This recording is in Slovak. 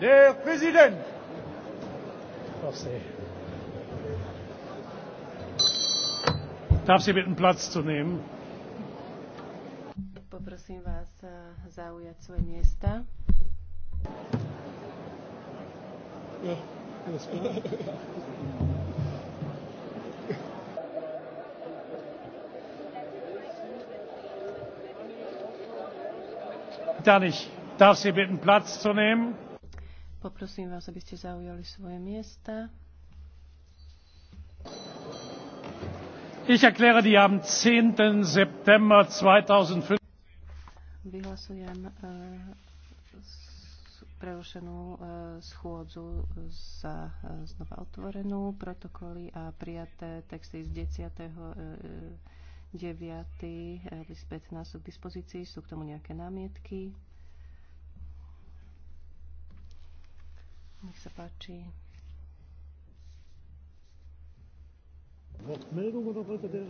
Der Präsident. Darf Sie bitten, Platz zu nehmen? Poprosím vás eh, zaujať svoje miesta. Ja, Dann ich darf Sie bitten, Platz zu nehmen. Poprosím vás, aby ste zaujali svoje miesta. Ich erkläre die am 10. September 2015 Vyhlasujem eh, prerušenú eh, schôdzu za eh, znova otvorenú protokoly a prijaté texty z 10. 9. 15 sú k dispozícii. Sú k tomu nejaké námietky? Nech sa páči. Wortmeldung oder wollte der?